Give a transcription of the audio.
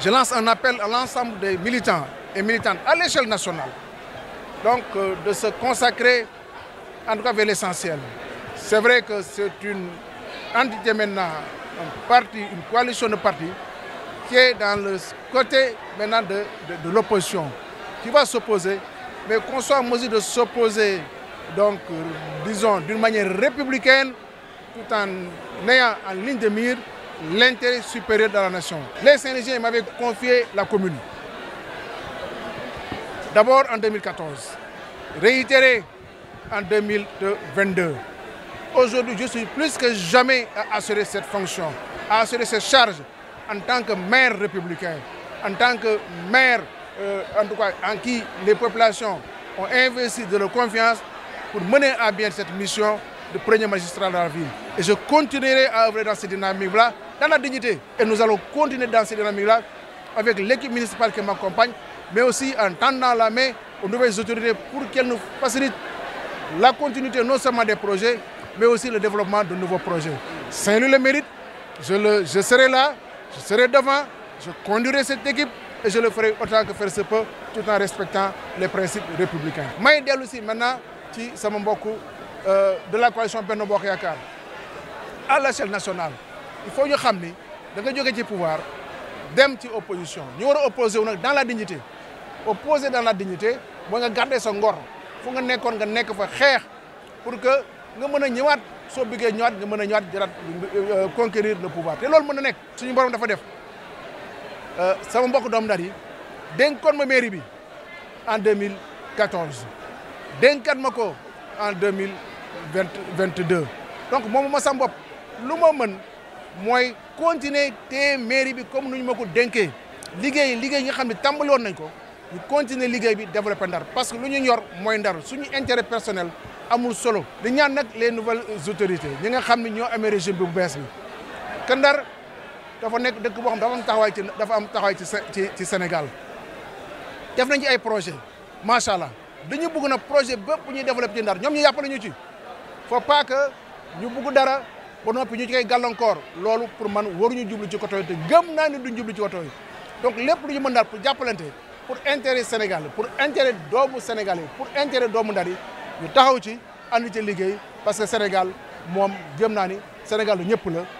Je lance un appel à l'ensemble des militants et militantes à l'échelle nationale, donc euh, de se consacrer en tout cas vers l'essentiel. C'est vrai que c'est une entité maintenant, un une coalition de partis qui est dans le côté maintenant de, l'opposition, qui va s'opposer, mais qu'on soit en mesure de s'opposer, donc euh, disons d'une manière républicaine, tout en ayant en ligne de mire l'intérêt supérieur de la nation. Les saint Sénégiens m'avaient confié la commune. D'abord en 2014, réitéré en 2022. Aujourd'hui, je suis plus que jamais à assurer cette fonction, à assurer cette charge en tant que maire républicain, en tant que maire, euh, en tout cas, en qui les populations ont investi de leur confiance pour mener à bien cette mission de premier magistrat de la ville. Et je continuerai à œuvrer dans cette dynamique-là dans la dignité. Et nous allons continuer dans la dynamique avec l'équipe municipale qui m'accompagne, mais aussi en tendant la main aux nouvelles autorités pour qu'elles nous facilitent la continuité non seulement des projets, mais aussi le développement de nouveaux projets. Saint-Louis le mérite, je, serai là, je serai devant, je conduirai cette équipe et je le ferai autant que faire se peut, tout en respectant les principes républicains. Mais idéal aussi maintenant, qui, beaucoup, de la coalition Beno yakar à l'échelle nationale il faut que nous da pouvoir dem ci opposition ñu wara dans la dignité opposé dans la dignité mooy nga garder sa ngor fu nga nekkoon nga nekk fa pour que nga mëna ñëwaat ñëwaat nga euh, conquérir le pouvoir té lool mëna na suñu borom dafa def euh, sama mbokk doom ndar yi mairie en 2014 en 2022 donc je ma sam bopp mooy continuer te mairie bi comme nu ñu ma ko dénkee liggéey liggéey yi xam ne tàmbali woon nañ ko ñu continuer liggéey bi développer ndar parce que lu ñu ñor mooy ndar suñu intérêt personnel amul solo. di ñaan nag les nouvelles autorités ñi nga xam ne ñoo amee régime bi bu bees bi que ndar dafa nekk dëkk boo xam dafa am taxawaay ci dafa am taxawaay ci ci Sénégal def nañ ci ay projet macha allah dañu bëgg na projet bépp ñuy développer ci ndar ñoom ñu yàppale ñu ci faut pas que ñu bëgg dara. ba noppi ñu ci kay galankor loolu pour man waruñu jublu ci côté te gëm naa ne duñ jublu ci côté donc lépp lu ñu mën pour jàppalante pour intérêt sénégal pour intérêt doomu sénégalais pour intérêt doomu ndari ñu taxaw ci andi ci liggéey parce que sénégal moom gëm naa ni sénégal ñëpp la